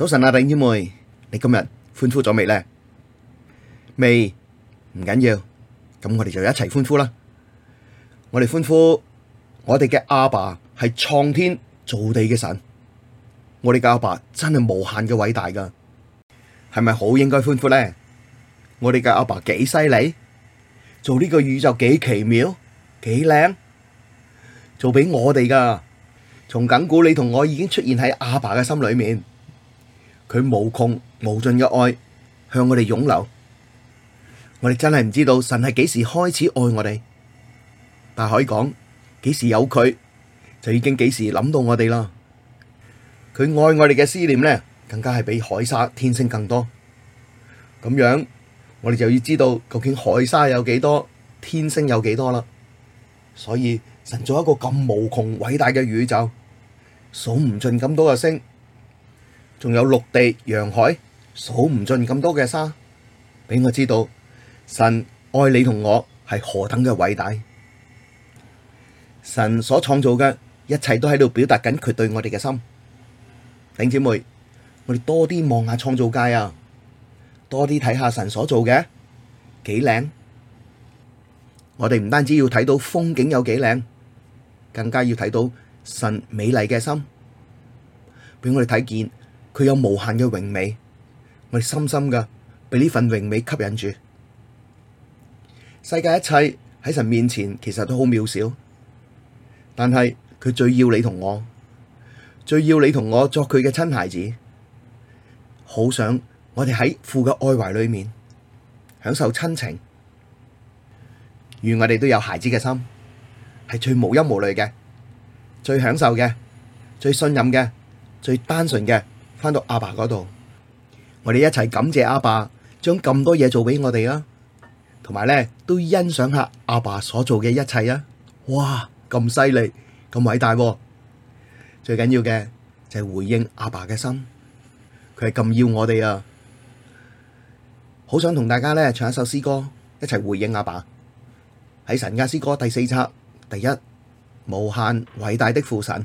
早晨啊，弟兄妹，你今日歡呼咗未呢？未，唔緊要，咁我哋就一齊歡呼啦！我哋歡呼，我哋嘅阿爸係創天造地嘅神，我哋嘅阿爸真係無限嘅偉大噶，係咪好應該歡呼呢？我哋嘅阿爸幾犀利，做呢個宇宙幾奇妙幾靚，做俾我哋噶。從亙古你同我已經出現喺阿爸嘅心裏面。佢無窮無盡嘅愛向我哋湧流，我哋真係唔知道神係幾時開始愛我哋，但係可以講幾時有佢，就已經幾時諗到我哋啦。佢愛我哋嘅思念呢，更加係比海沙天星更多。咁樣我哋就要知道究竟海沙有幾多，天星有幾多啦。所以神做一個咁無窮偉大嘅宇宙，數唔盡咁多嘅星。仲有陸地、洋海，數唔盡咁多嘅沙，俾我知道神愛你同我係何等嘅偉大。神所創造嘅一切都喺度表達緊佢對我哋嘅心。頂姐妹，我哋多啲望下創造界啊，多啲睇下神所做嘅幾靚。我哋唔單止要睇到風景有幾靚，更加要睇到神美麗嘅心，俾我哋睇見。佢有無限嘅榮美，我哋深深嘅俾呢份榮美吸引住。世界一切喺神面前，其實都好渺小，但係佢最要你同我，最要你同我作佢嘅親孩子。好想我哋喺父嘅愛懷裏面享受親情，願我哋都有孩子嘅心，係最無憂無慮嘅，最享受嘅，最信任嘅，最單純嘅。翻到阿爸嗰度，我哋一齊感謝阿爸將咁多嘢做俾我哋啊，同埋咧都欣賞下阿爸所做嘅一切啊！哇，咁犀利，咁偉大，啊，最緊要嘅就係回應阿爸嘅心，佢係咁要我哋啊！好想同大家咧唱一首詩歌，一齊回應阿爸，喺神家詩歌第四冊第一，無限偉大的父神。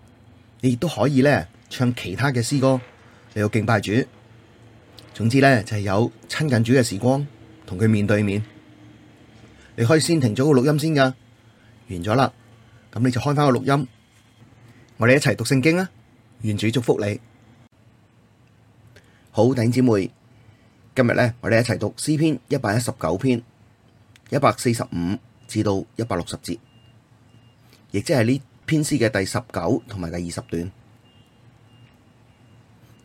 你亦都可以咧，唱其他嘅詩歌，你有敬拜主。總之咧，就係有親近主嘅時光，同佢面對面。你可以先停咗個錄音先噶，完咗啦。咁你就開翻個錄音，我哋一齊讀聖經啊！願主祝福你。好，弟兄姊妹，今日咧，我哋一齊讀詩篇一百一十九篇一百四十五至到一百六十節，亦即係呢。編詩嘅第十九同埋第二十段。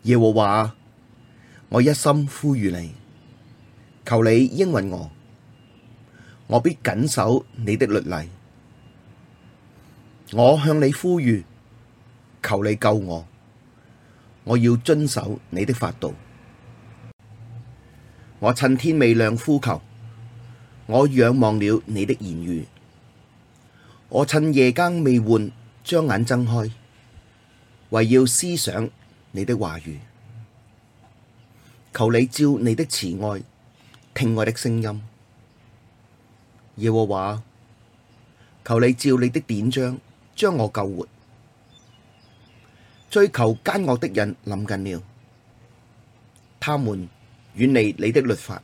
耶和華，我一心呼籲你，求你應允我，我必謹守你的律例，我向你呼籲，求你救我，我要遵守你的法度，我趁天未亮呼求，我仰望了你的言語。我趁夜更未換，將眼睜開，為要思想你的話語，求你照你的慈愛聽我的聲音，耶和華，求你照你的典章將我救活。追求奸惡的人臨近了，他們遠離你的律法，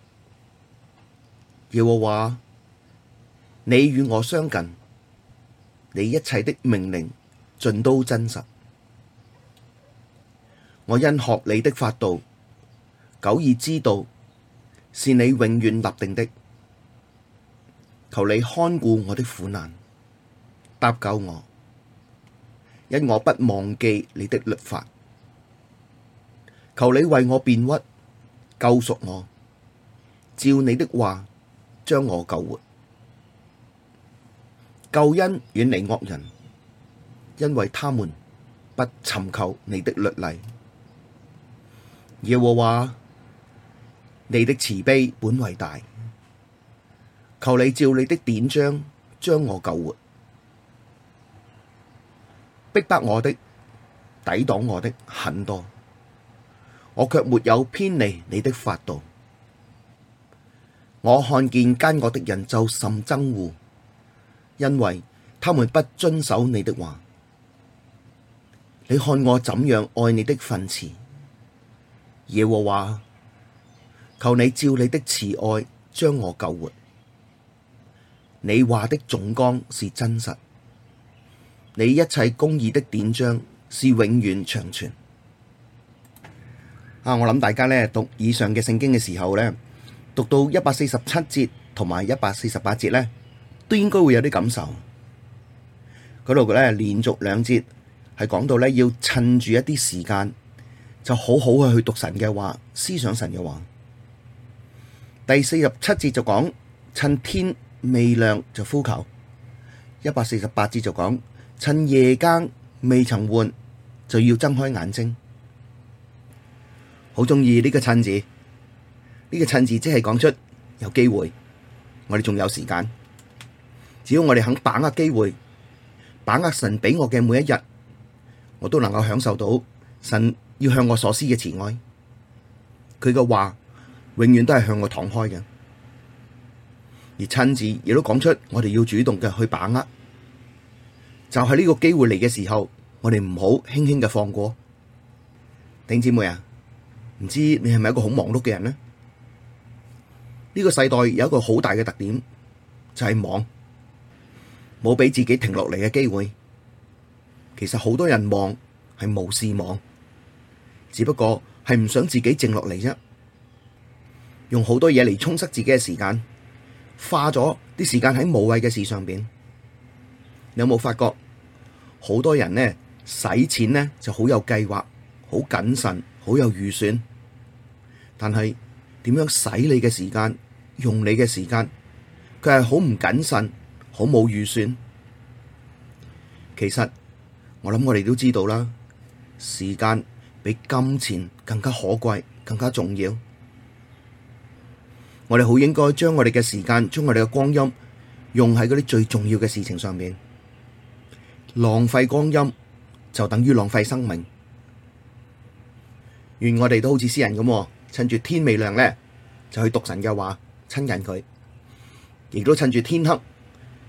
耶和華，你與我相近。你一切的命令盡都真實，我因學你的法度，久已知道是你永遠立定的。求你看顧我的苦難，搭救我，因我不忘記你的律法。求你為我辨屈，救贖我，照你的話將我救活。救恩遠離惡人，因為他們不尋求你的律例。耶和華啊，你的慈悲本為大，求你照你的典章將我救活。逼迫我的、抵擋我的很多，我卻沒有偏離你的法度。我看見奸惡的人就甚憎惡。因為他們不遵守你的話，你看我怎樣愛你的訓詞！耶和華，求你照你的慈愛將我救活。你話的總綱是真實，你一切公義的典章是永遠長存。啊，我諗大家咧讀以上嘅聖經嘅時候咧，讀到一百四十七節同埋一百四十八節呢。都應該會有啲感受。嗰度咧，連續兩節係講到咧，要趁住一啲時間就好好去讀神嘅話，思想神嘅話。第四十七節就講趁天未亮就呼求，一百四十八節就講趁夜更未曾換就要睜開眼睛。好中意呢個趁字，呢、這個趁字即係講出有機會，我哋仲有時間。只要我哋肯把握機會，把握神畀我嘅每一日，我都能夠享受到神要向我所施嘅慈愛。佢嘅話永遠都係向我敞開嘅，而親自亦都講出我哋要主動嘅去把握。就係呢個機會嚟嘅時候，我哋唔好輕輕嘅放過。丁姐妹啊，唔知你係咪一個好忙碌嘅人呢？呢個世代有一個好大嘅特點，就係忙。冇俾自己停落嚟嘅機會，其實好多人忙係無事忙，只不過係唔想自己靜落嚟啫。用好多嘢嚟充塞自己嘅時間，花咗啲時間喺無謂嘅事上邊。你有冇發覺好多人呢，使錢呢，就好有計劃、好謹慎、好有預算，但係點樣使你嘅時間、用你嘅時間，佢係好唔謹慎。好冇預算，其實我諗我哋都知道啦。時間比金錢更加可貴，更加重要。我哋好應該將我哋嘅時間，將我哋嘅光陰用喺嗰啲最重要嘅事情上面。浪費光陰就等於浪費生命。願我哋都好似詩人咁，趁住天未亮咧就去讀神嘅話，親近佢；亦都趁住天黑。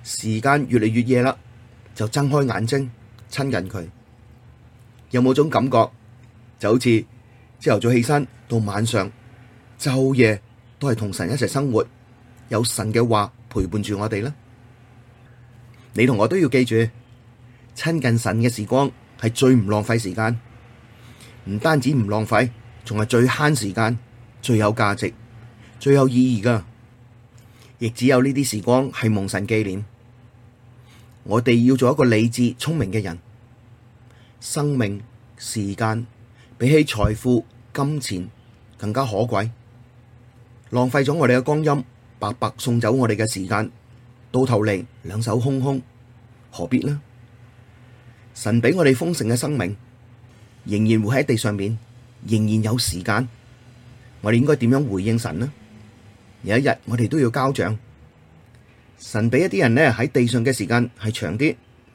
時間越嚟越夜啦，就睜開眼睛親近佢，有冇種感覺就好似朝頭早起身到晚上，晝夜都係同神一齊生活，有神嘅話陪伴住我哋呢。你同我都要記住，親近神嘅時光係最唔浪費時間，唔單止唔浪費，仲係最慳時間、最有價值、最有意義噶，亦只有呢啲時光係蒙神紀念。我哋要做一個理智、聰明嘅人。生命、時間比起財富、金錢更加可貴。浪費咗我哋嘅光陰，白白送走我哋嘅時間，到頭嚟兩手空空，何必呢？神俾我哋豐盛嘅生命，仍然活喺地上面，仍然有時間，我哋應該點樣回應神呢？有一日我哋都要交賬。神俾一啲人呢，喺地上嘅時間係長啲，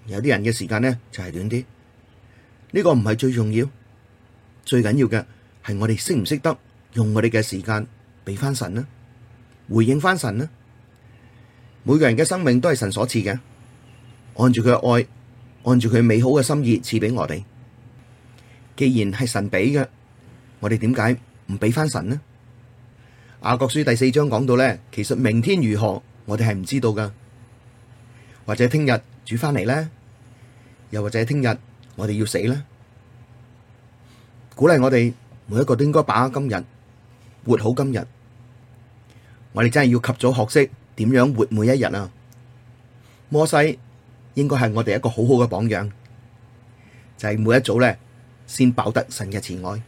有啲人嘅時間呢，就係短啲。呢個唔係最重要，最緊要嘅係我哋識唔識得用我哋嘅時間俾翻神呢，回應翻神呢。每個人嘅生命都係神所賜嘅，按住佢嘅愛，按住佢美好嘅心意賜俾我哋。既然係神俾嘅，我哋點解唔俾翻神呢？雅各書第四章講到咧，其實明天如何？我哋係唔知道噶或者聽日主返嚟咧，又或者聽日我哋要死咧，鼓勵我哋每一個都應該把握今日，活好今日。我哋真係要及早學識點樣活每一日啊！摩西應該係我哋一個好好嘅榜樣，就係、是、每一早咧先飽得神嘅慈愛。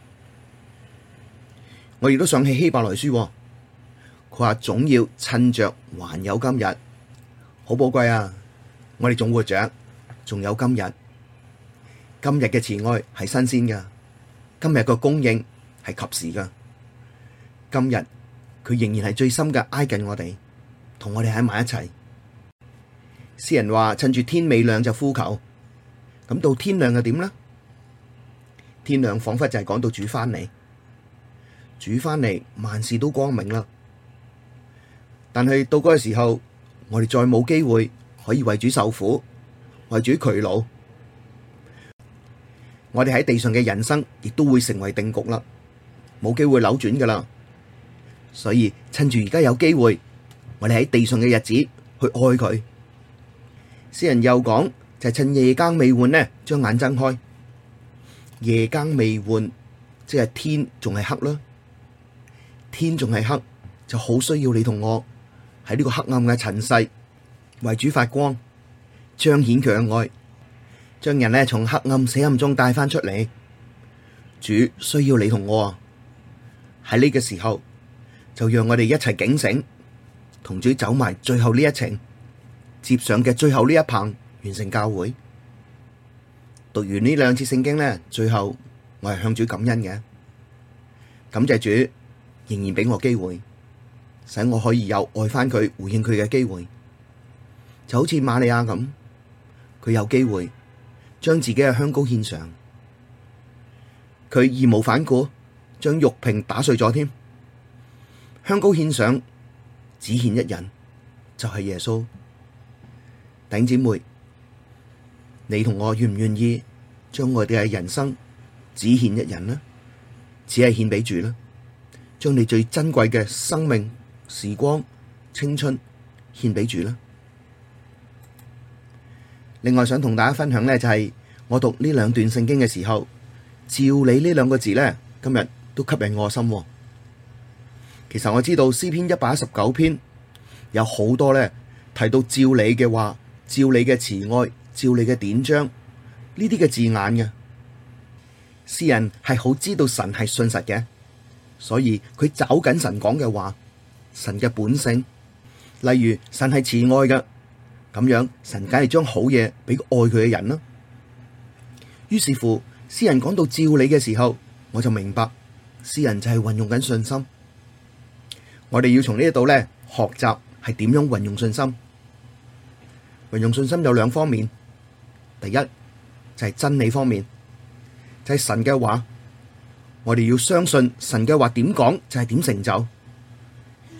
我亦都想起希伯來書啊。佢話總要趁着還有今日，好寶貴啊！我哋仲活着，仲有今日，今日嘅慈愛係新鮮噶，今日嘅供應係及時噶，今日佢仍然係最深嘅挨近我哋，同我哋喺埋一齊。詩人話趁住天未亮就呼求，咁到天亮又點呢？天亮仿佛就係講到主翻嚟，主翻嚟萬事都光明啦。但係到嗰個時候，我哋再冇機會可以為主受苦、為主劬勞，我哋喺地上嘅人生亦都會成為定局啦，冇機會扭轉噶啦。所以趁住而家有機會，我哋喺地上嘅日子去愛佢。詩人又講就係趁夜更未換呢，將眼睜開。夜更未換，即係天仲係黑啦，天仲係黑，就好需要你同我。喺呢個黑暗嘅塵世，為主發光，彰顯強愛，將人咧從黑暗死暗中帶翻出嚟。主需要你同我喺呢個時候，就讓我哋一齊警醒，同主走埋最後呢一程，接上嘅最後呢一棒，完成教會。讀完呢兩次聖經呢，最後我係向主感恩嘅，感謝主仍然畀我機會。使我可以有愛返佢、回應佢嘅機會，就好似瑪利亞咁，佢有機會將自己嘅香膏獻上，佢義無反顧將玉瓶打碎咗添，香膏獻上只獻一人，就係、是、耶穌。頂姐妹，你同我願唔願意將我哋嘅人生只獻一人呢？只係獻畀主啦，將你最珍貴嘅生命。時光、青春獻俾主啦。另外，想同大家分享呢，就係、是、我讀呢兩段聖經嘅時候，照你呢兩個字呢，今日都吸引我心。其實我知道詩篇一百一十九篇有好多呢，提到照你嘅話、照你嘅慈愛、照你嘅典章、呢啲嘅字眼嘅，詩人係好知道神係信實嘅，所以佢找緊神講嘅話。神嘅本性，例如神係慈愛嘅，咁樣神梗係將好嘢俾愛佢嘅人啦。於是乎，詩人講到照理嘅時候，我就明白詩人就係運用緊信心。我哋要從呢一度咧學習係點樣運用信心。運用信心有兩方面，第一就係真理方面，就係神嘅話，我哋要相信神嘅話點講就係點成就。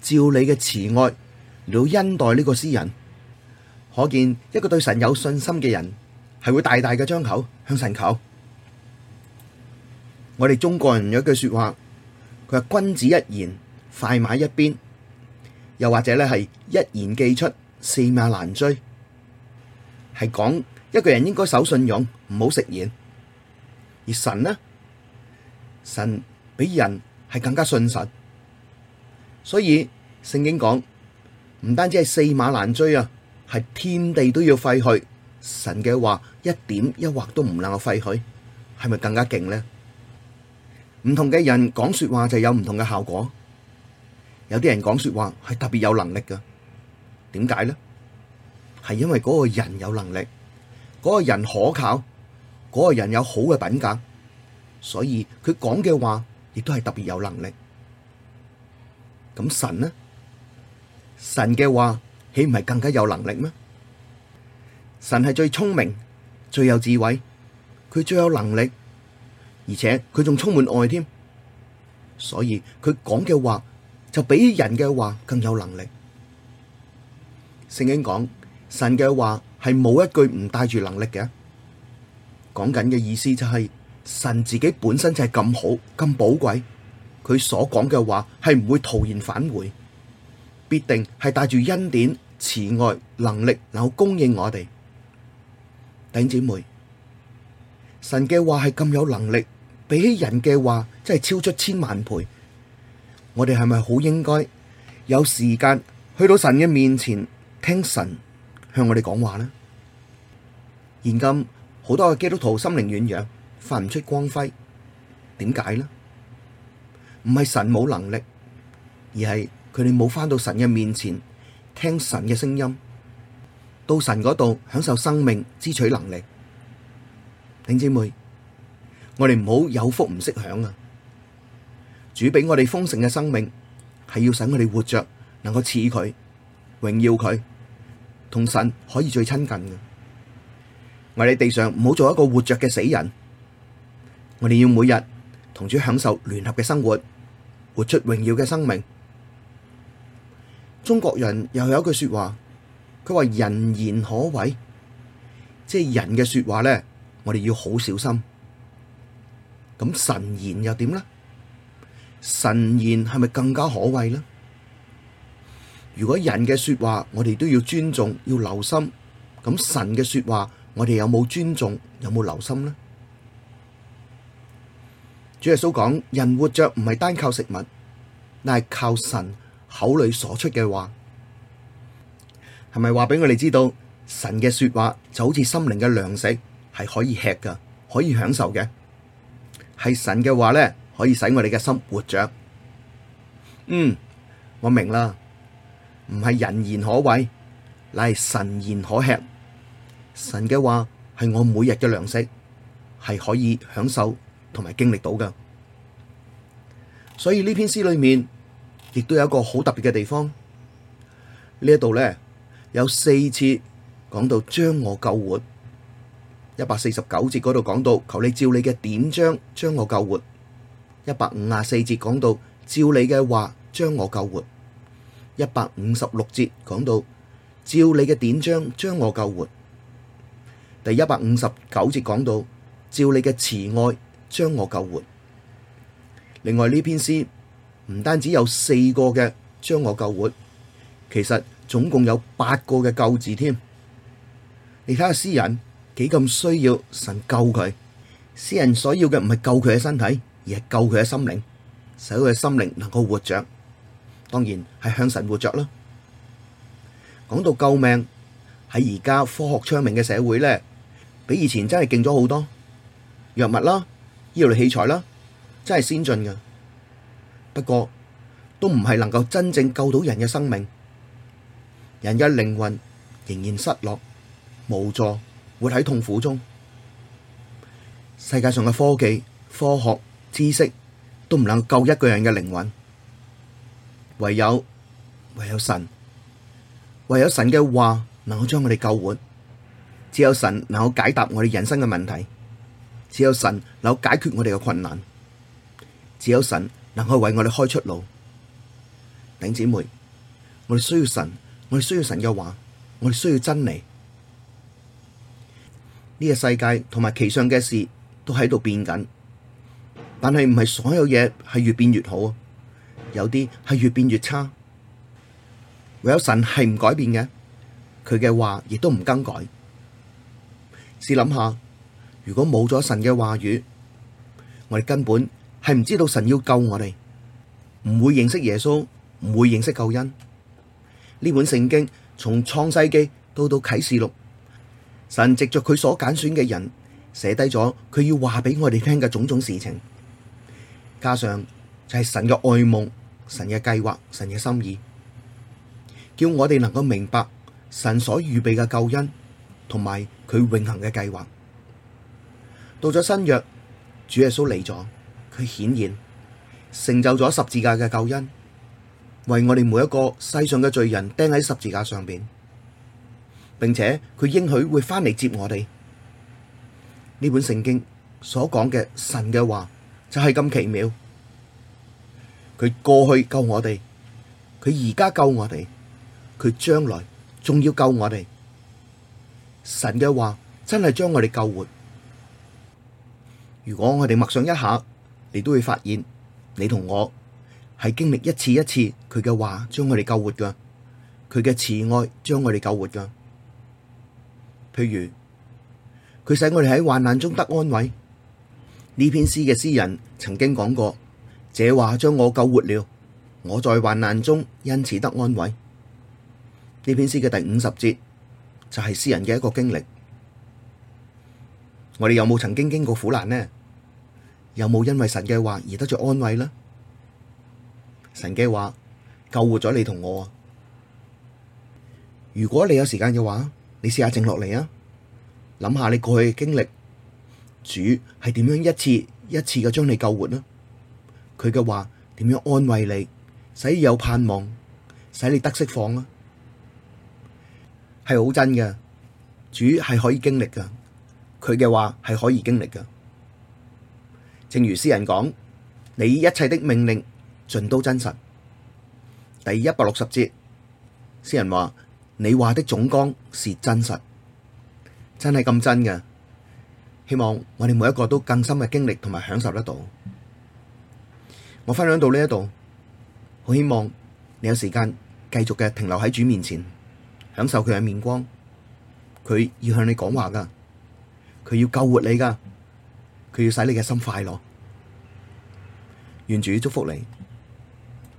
照你嘅慈愛嚟到恩待呢個詩人，可見一個對神有信心嘅人係會大大嘅張口向神求。我哋中國人有一句說話，佢話，君子一言，快馬一鞭，又或者呢係一言既出，駟馬難追，係講一個人應該守信用，唔好食言。而神呢，神比人係更加信實。所以聖經講唔單止係四馬難追啊，係天地都要廢去。神嘅話一點一畫都唔能夠廢去，係咪更加勁呢？唔同嘅人講說話就有唔同嘅效果。有啲人講說話係特別有能力噶點解呢？係因為嗰個人有能力，嗰個人可靠，嗰個人有好嘅品格，所以佢講嘅話亦都係特別有能力。咁神呢？神嘅話豈唔係更加有能力咩？神係最聰明、最有智慧，佢最有能力，而且佢仲充滿愛添。所以佢講嘅話就比人嘅話更有能力。聖經講神嘅話係冇一句唔帶住能力嘅。講緊嘅意思就係、是、神自己本身就係咁好、咁寶貴。佢所講嘅話係唔會徒然返回，必定係帶住恩典、慈愛、能力，能夠供應我哋。弟兄姊妹，神嘅話係咁有能力，比起人嘅話真係超出千萬倍。我哋係咪好應該有時間去到神嘅面前聽神向我哋講話呢？現今好多嘅基督徒心靈軟弱，發唔出光輝，點解呢？唔係神冇能力，而係佢哋冇返到神嘅面前聽神嘅聲音，到神嗰度享受生命、支取能力。弟兄姊妹，我哋唔好有福唔識享啊！主俾我哋豐盛嘅生命，係要使我哋活着，能夠賜佢榮耀佢，同神可以最親近嘅。我哋地上唔好做一個活着嘅死人，我哋要每日同主享受聯合嘅生活。活出榮耀嘅生命。中國人又有一句說話，佢話人言可畏，即係人嘅說話呢，我哋要好小心。咁神言又點呢？神言係咪更加可畏呢？如果人嘅說話，我哋都要尊重，要留心。咁神嘅說話，我哋有冇尊重？有冇留心呢？主耶穌講：人活着唔係單靠食物，乃係靠神口裏所出嘅話。係咪話畀我哋知道神嘅說話就好似心靈嘅糧食，係可以吃噶，可以享受嘅。係神嘅話呢，可以使我哋嘅心活着。嗯，我明啦。唔係人言可畏，乃係神言可吃。神嘅話係我每日嘅糧食，係可以享受。同埋經歷到嘅，所以呢篇詩裏面亦都有一個好特別嘅地方。呢一度咧有四次講到將我救活，一百四十九節嗰度講到求你照你嘅典章將我救活，一百五啊四節講到照你嘅話將我救活，一百五十六節講到照你嘅典章將我救活，第一百五十九節講到照你嘅慈愛，將我救活。另外呢篇詩唔單止有四個嘅將我救活，其實總共有八個嘅救字添。你睇下詩人幾咁需要神救佢。詩人所要嘅唔係救佢嘅身體，而係救佢嘅心靈，使佢嘅心靈能夠活着。當然係向神活着啦。講到救命喺而家科學昌明嘅社會咧，比以前真係勁咗好多，藥物啦。呢類器材啦，真係先進嘅，不過都唔係能夠真正救到人嘅生命，人嘅靈魂仍然失落無助，活喺痛苦中。世界上嘅科技、科學、知識都唔能夠救一個人嘅靈魂，唯有唯有神，唯有神嘅話能夠將我哋救活，只有神能夠解答我哋人生嘅問題。只有神能解決我哋嘅困難，只有神能去為我哋開出路。弟兄姊妹，我哋需要神，我哋需要神嘅話，我哋需要真理。呢、這個世界同埋其上嘅事都喺度變緊，但係唔係所有嘢係越變越好啊，有啲係越變越差。唯有神係唔改變嘅，佢嘅話亦都唔更改。試諗下。如果冇咗神嘅話語，我哋根本係唔知道神要救我哋，唔會認識耶穌，唔會認識救恩。呢本聖經從創世紀到到啟示錄，神藉着佢所揀選嘅人寫低咗佢要話俾我哋聽嘅種種事情，加上就係神嘅愛慕、神嘅計劃、神嘅心意，叫我哋能夠明白神所預備嘅救恩同埋佢永恆嘅計劃。到咗新約，主耶穌嚟咗，佢顯然成就咗十字架嘅救恩，為我哋每一個世上嘅罪人釘喺十字架上面，並且佢應許會翻嚟接我哋。呢本聖經所講嘅神嘅話就係咁奇妙，佢過去救我哋，佢而家救我哋，佢將來仲要救我哋。神嘅話真係將我哋救活。如果我哋默想一下，你都會發現，你同我係經歷一次一次佢嘅話將我哋救活㗎，佢嘅慈愛將我哋救活㗎。譬如佢使我哋喺患難中得安慰。呢篇詩嘅詩人曾經講過：「這話將我救活了，我在患難中因此得安慰。呢篇詩嘅第五十節就係、是、詩人嘅一個經歷。我哋有冇曾經經過苦難呢？有冇因為神嘅話而得着安慰呢？神嘅話救活咗你同我。如果你有時間嘅話，你試下靜落嚟啊，諗下你過去嘅經歷，主係點樣一次一次嘅將你救活呢？佢嘅話點樣安慰你，使有盼望，使你得釋放啊？係好真嘅，主係可以經歷噶，佢嘅話係可以經歷噶。正如詩人講，你一切的命令盡都真實。第一百六十節，詩人話：你話的總綱是真實，真係咁真嘅。希望我哋每一個都更深嘅經歷同埋享受得到。我分享到呢一度，好希望你有時間繼續嘅停留喺主面前，享受佢嘅面光。佢要向你講話㗎，佢要救活你㗎。佢要使你嘅心快樂，願主祝福你。